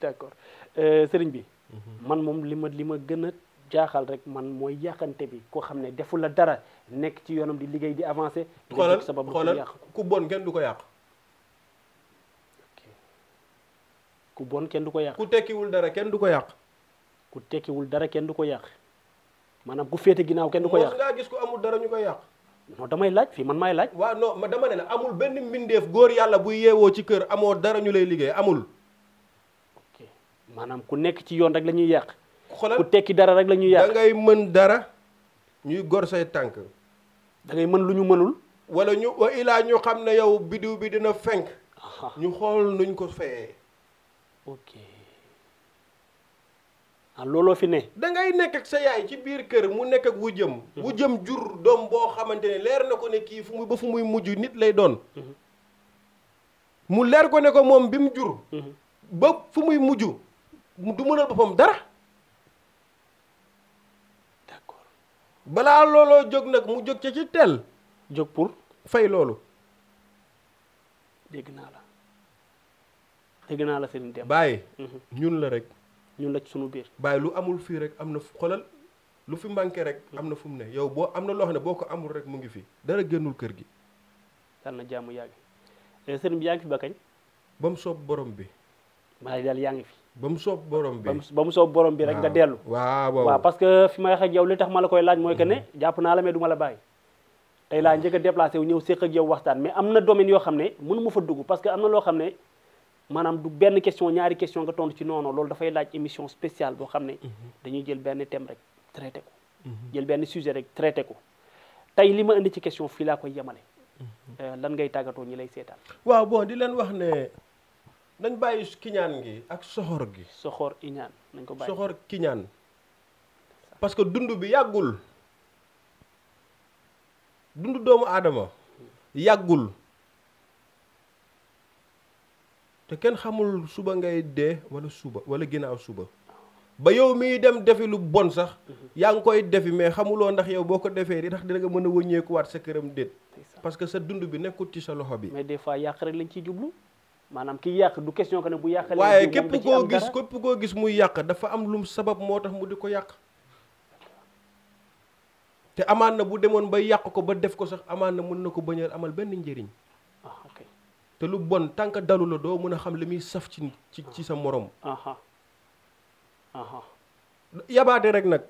d'accord euh, sëriñ bi. Mhm. man moom li ma li ma gën a jaaxal rek man mooy yàqante bi koo xam ne defu la dara nekk ci yoonam di liggéey di avancé. xoolal xoolal ku bon kenn du ko yàq. ku kenn ko yàq. ku tekkiwul dara kenn du ko yàq. ku tekkiwul dara kenn du ko yàq maanaam ku féete ginnaaw kenn du ko yàq. ngaa gis ku amul dara ñu koy yàq. non damay laaj fii man may laaj. waaw non dama ne la amul benn mbindeef góor yàlla buy yeewoo ci kër amoo dara ñu lay liggéey amul. maanaam ku nekk ci yoon rek lañuy yàq. ku tekki dara rek lañuy ñuy yàq da ngay mën dara ñuy gor say tànk. dangay mën lu ñu mënul. wala ñu wa ilaa ñu xam ne yow biddiw bi dina fenk. ñu xool nuñ ko feyee. ok ah, looloo fi ne. dangay ngay nekk ak sa yaay ci biir kër mu nekk ak wu jëm. Mhm. wu jëm jur doom boo xamante ne leer na ko ne kii fu muy ba fu muy mujj nit lay doon. Mhm. mu leer ko ne ko moom bi mu jur. Mhm. ba fu muy mujj. du mënal boppam dara d'accord balaa looloo jóg nag mu jóg ca ci teel jóg pour fay loolu dégg naa la dégg naa la sëriñ dem bàyyi mhm. ñun la rek ñun la ci sunu biir bàyyi lu amul fii rek am na xolal lu fi manqué rek mhm. am na fu mu ne yow boo am na loo ne boo ko amul rek mu ngi fi dara génnul kër gi dal na jàmm eh, yaa ngi sëriñ bi yaa fi ba kañ ba soob borom bi maa daal yaa ngi fi ba mu soob borom bi rek nga dellu waaw waaw parce que fi may wax ak li tax ma la koy laaj mooy que ne mm-hmm. jàpp naa la mais du la bàyyi tey laa njëkk a déplacé wu ñëw séq ak yow waxtaan mais am na domaine yoo xam ne mënu ma fa dugg parce que am na loo xam ne maanaam du benn question ñaari question nga tontu ci noonu loolu dafay laaj émission spéciale boo xam ne mm-hmm. dañuy jël benn thème rek traité ko mm-hmm. jël benn sujet rek traité ko tey li ma indi ci question fii laa koy yemale euh, lan ngay tàggatoo ñi lay seetaan nañ bàyyi kiñaan gi ak soxor gi soxor iñaan nañ ko bàyyi soxor kiñaan parce que dund bi yàggul dund doomu aadama yàggul te kenn xamul suba ngay dee wala suba wala ginnaaw suba ba yow mi dem defi lu bon sax mhm. yaa ngi koy defi mais xamuloo ndax yow boo ko defee di tax dina nga mën a wëññeekuwaat sa këram déet parce que sa dund bi nekkul sa loxo bi mais des fois yàq rek lañ ci jublu maanaam ki yàq du question que ne bu yàqalee. waaye képp koo gis képp koo gis muy yàq dafa am lum sabab moo tax mu di ko yàq. te amaan na bu demoon ba yàq ko ba def ko sax amaan na mën na ko bañ amal benn njariñ ah, te lu bon tànk dalu la doo mën a xam li muy saf ci ci ci sa morom. Ah, ah. yabaate rek nag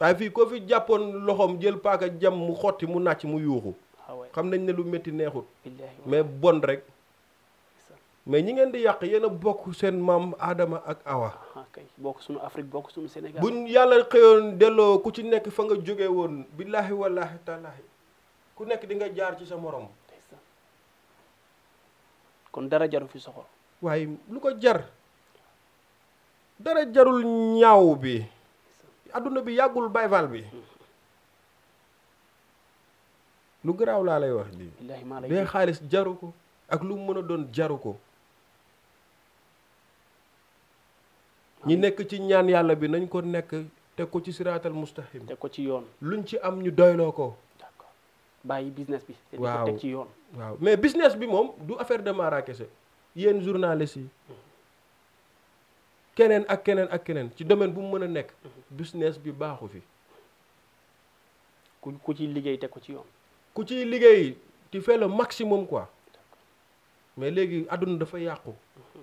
waaye fii koo fi jàppoon loxoom jël paaka jam mu xotti mu nàcc mu yuuxu. xam nañ ne lu métti neexut. mais bon rek. mais ñi ngeen di yaq yéen a bokk seen Adama ak Awa. kay bokk suñu Afrique bokk suñu Sénégal. buñ yalla xeyoon delo ku ci nekk fa nga joggé won billahi wallahi ta'ala ku nekk di nga jaar ci sa morom. kon dara jaru fi soxor. waaye lu ko jar dara jarul ñaaw bi aduna bi yagul bayval bi. Mm-hmm. lu graw la lay wax. billaahi maa lay xaalis jaru ko ak lu mu doon ñi nekk ci ñaan yàlla bi nañ ko nekk te ko ci siraatal mustaqim teg ko ci yoon lu ñu ci am ñu doyloo ko d'accord bàyyi business bi te ci yoon waaw mais business bi moom du affaire de Mara kese yéen journaliste yi mm-hmm. keneen ak keneen ak keneen ci domaine bu mu mën a nekk mm-hmm. business bi baaxu fi ku ku ciy liggéey teg ko ci yoon ku ciy liggéey ci fais le maximum quoi mais léegi àdduna dafa yàqu mm-hmm.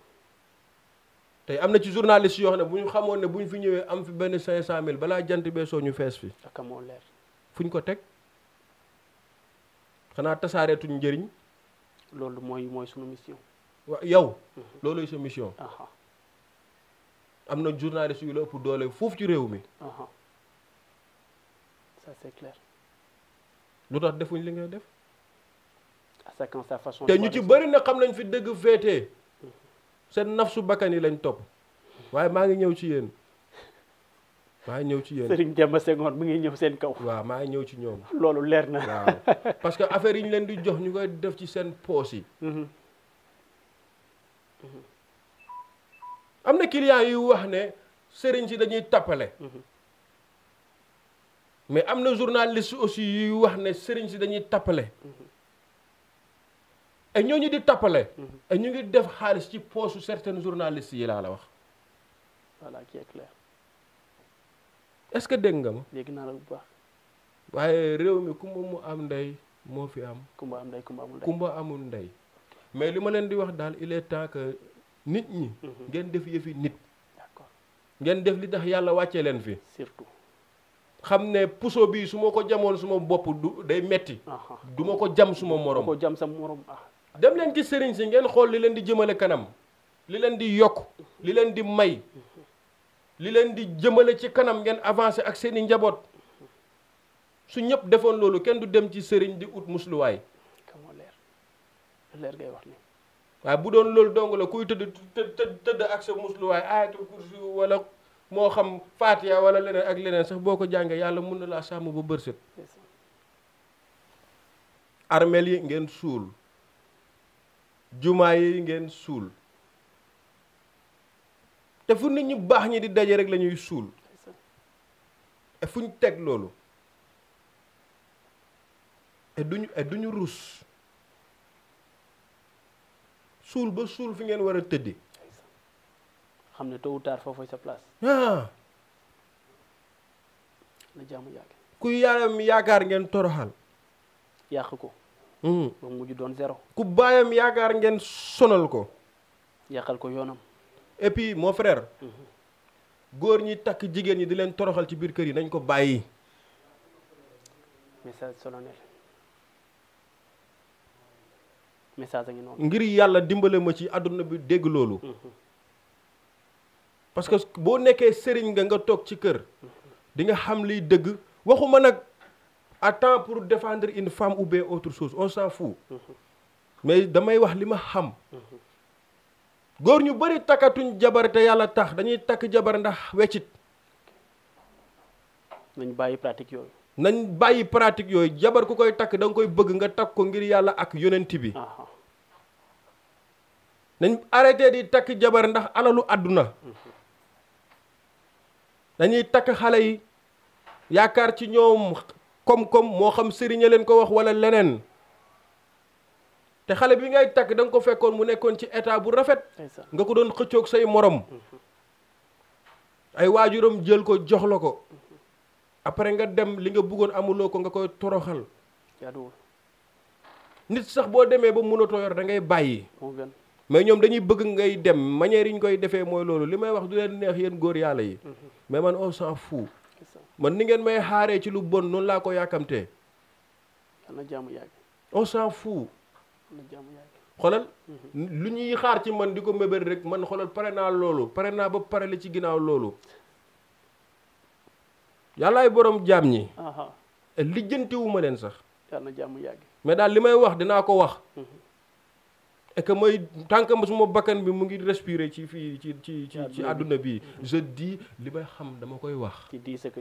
tey am na ci journaliste yoo xam ne bu ñu xamoon ne bu ñu fi ñëwee am fi benn 500000 balaa jant bee soo ñu fees fi. ak moo leer fu ko teg xanaa tasaareetuñ njëriñ. loolu mooy mooy sunu mission. waaw yow. Mhm. loolooy sa mission. am na journaliste yu la ëpp doole foofu ci réew mi. ça lu tax defuñ li ngay def. à ah, sa façon. te ñu ci bari na xam nañ fi dëgg féetee. seen nafsu bakkan yi lañu topp waaye maa ngi ñëw ci yéen maa ngi ñëw ci yéen Serigne Demba Senghor mu ngi ñëw seen kaw. waaw maa ngi ñëw ci ñoom. loolu leer na waaw parce que affaire yi ñu leen di jox ñu koy def ci seen poos yi. Mhm. Mhm. am na clients yu wax ne Serigne si dañuy tappale mhm. mais am na journaliste aussi yuy wax ne Serigne si dañuy tappale et ñooñu di tappale et ñu ngi def xaalis ci poosu certains journalistes yi laa la wax voilà qui est est-ce que dégg nga ma dégg naa la waaye réew mi kumba mu am ndey moo fi am kumba am ndey kumba amul ndey mais li ma leen di wax daal il est temps que nit ñi mhm. ngeen def yëfi nit d'accord ngeen def li tax yàlla wàccee leen fi surtout xam ne puso bi su ma ko jamoon suma bopp du day metti du ma ko jam suma moroom jam sa morom ah dem leen gis sëriñ si ngeen xool li leen di jëmale kanam li leen di yokk li leen di may li leen di jëmale ci kanam ngeen avancé ak seen i njaboot su ñëpp defoon loolu kenn du dem ci sëriñ di ut musluwaay. waaye bu doon loolu dong la kuy tëdd tëdd tëdd ak sa musluwaay ayatul kursi wala moo xam faatiya wala leneen ak leneen sax boo ko jàngee yàlla mun na laa sàmm ba bërsët armeel yi ngeen suul jumaa yi ngeen suul te fu nit ñu baax ñi di daje rek lañuy suul et fu ñu teg loolu et duñu et duñu ruus suul ba suul fi ngeen war a tëddi xam ne tôt ou tard foofu sa ah. yaakaar ngeen toroxal yàq ko Hmm. ba mujj doon zéro. ku baayam yaakaar ngeen sonal ko. yàqal ko yoonam. et puis mon frère. Mhm. góor ñi takk jigéen ñi di leen toroxal ci biir kër yi nañ ko bàyyi. message solennel message a ngi ngir yàlla dimbale ma ci àdduna bi dégg loolu. Mhm. parce que boo nekkee sëriñ nga nga toog ci kër. Mhm. di nga xam liy dëgg waxuma nag. à temps pour défendre une femme ou bien autre on s'en fout mais damay wax li ma xam góor ñu bari takkatuñ jabar te yàlla tax dañuy takk jabar ndax weccit nañ bàyyi pratique yooyu nañ bàyyi pratique yooyu jabar ku koy takk danga koy bëgg nga takk ko ngir yàlla ak yonent bi nañ arrêté di takk jabar ndax alalu àdduna mhm. dañuy takk xale yi yaakaar ci ñoom koom-koom moo xam sëriñ leen ko wax wala leneen te xale bi ngay takk danga ko fekkoon mu nekkoon ci état bu rafet nga ko doon xëccoog say morom ay waajuram jël ko jox la ko après nga dem li nga bëggoon amuloo ko nga koy toroxal nit sax boo demee ba mënatoo yor da ngay bàyyi mais ñoom dañuy bëgg ngay dem manière yi ñu koy defee mooy loolu li may wax du leen neex yéen góor yàlla yi mm-hmm. mais man on s'en fout man ni ngeen may xaare ci lu bon noonu laa ko yàkkamtee. na jaamu yàgg. on s'en fout. na jaamu yàgg. Mhm. lu ñuy xaar ci man di ko mébér rek man xoolal pare naa loolu pare naa ba pare li ci ginnaaw loolu. yàllaay boroom jaam ñi. lijjantiwu leen sax. mais daal li may wax dinaa ko wax. Mhm. et que mooy tant que suma bakkan bi mu ngi respirer ci fii ci ci ci àdduna ah, bi je dis li may xam dama koy wax. ci dix que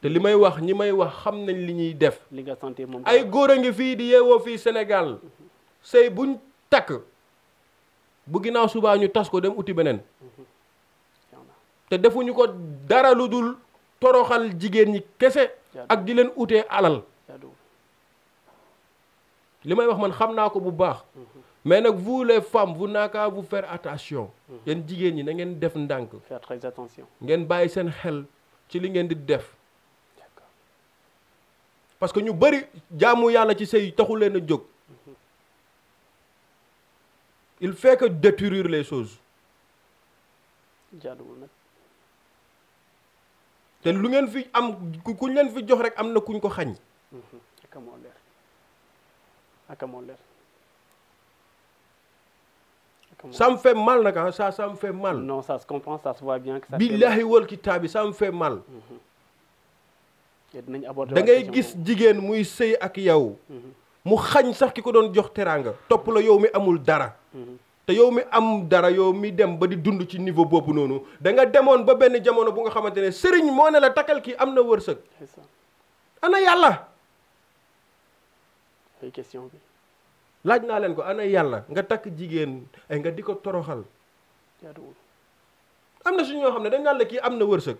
te li may wax ñi may wax xam nañ li ñuy def. li nga santé moom ay góor a ngi fii di yeewoo fii senegal sëy buñ takk bu ginnaaw subaa ñu tas ko dem uti beneen te defuñu ko dara lu dul toroxal jigéen ñi kese ak di leen ute alal. li may wax man xam naa ko bu baax mais nak, vous les femmes vous n'avez qu'à vous faire attention yéen jigéen ñi na ngeen def ndank. faire très attention ngeen bàyyi sen xel ci li ngeen di def parce que ñu bari jaamu yalla ci sey taxu leen jog. il fait que détruire les choses jaaduwul nak. te lu ngeen fi am kuñ leen fi jox rek amna kuñ ko xañ mm-hmm. Ah, ah, ça me fait mal, hein, Ça, ça me fait mal. Non, ça se comprend, ça se voit bien que ça Billahi wal kitabi, ça me fait mal. Mhm. da gis digen muise akiyau, ak yow. Mhm. mu xañ sax ki ko yomi jox la yow mi amul dara. Mhm. te mi am dara yow mi dem ba niveau boobu noonu da nga demoon ba benn jamono la takkal ki am na tey bi. laaj naa leen ko ana yàlla nga takk jigéen ay nga di ko toroxal. am na suñu ñoo xam ne dañ naan la kii am na wërsëg.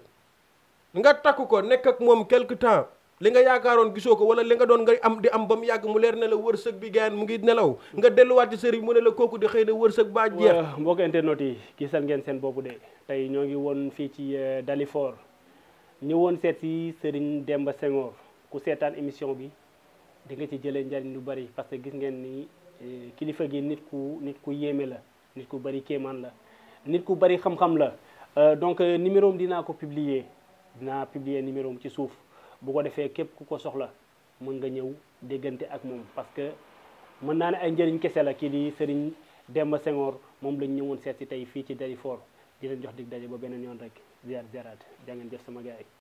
nga takk ko nekk ak moom quelque temps li nga yaakaaroon gisoo ko wala li nga doon nga am di am ba mu yàgg mu leer ne la wërsëg bi gaan mu ngi nelaw. nga delluwaat ci sëriñ mu ne la kooku di xëy na wërsëg baa jeex. waaw mbokk internet yi gisal ngeen seen boobu de tey ñoo ngi woon fii ci eh, Dalifort ñëwoon seet si sëriñ Demba Senghor ku seetaan émission bi. di nga ci jëlee njariñ lu bari parce que gis ngeen ni eh, kilifa gi nit ku nit ku yéeme la nit ku bari kéemaan la nit ku bari xam-xam la euh, donc euh, numéro am dinaa ko publier dinaa publier numéro am ci suuf bu ko defee képp ku ko soxla mun nga ñëw déggante ak moom parce que mën naa ne ay njëriñ kese la kii di Serigne Demba Senghor moom lañ ñëwoon seet si tey fii ci Dalifort di leen jox dig daje ba beneen yoon rek ziar ziaraat jaa ngeen jëf sama gars yi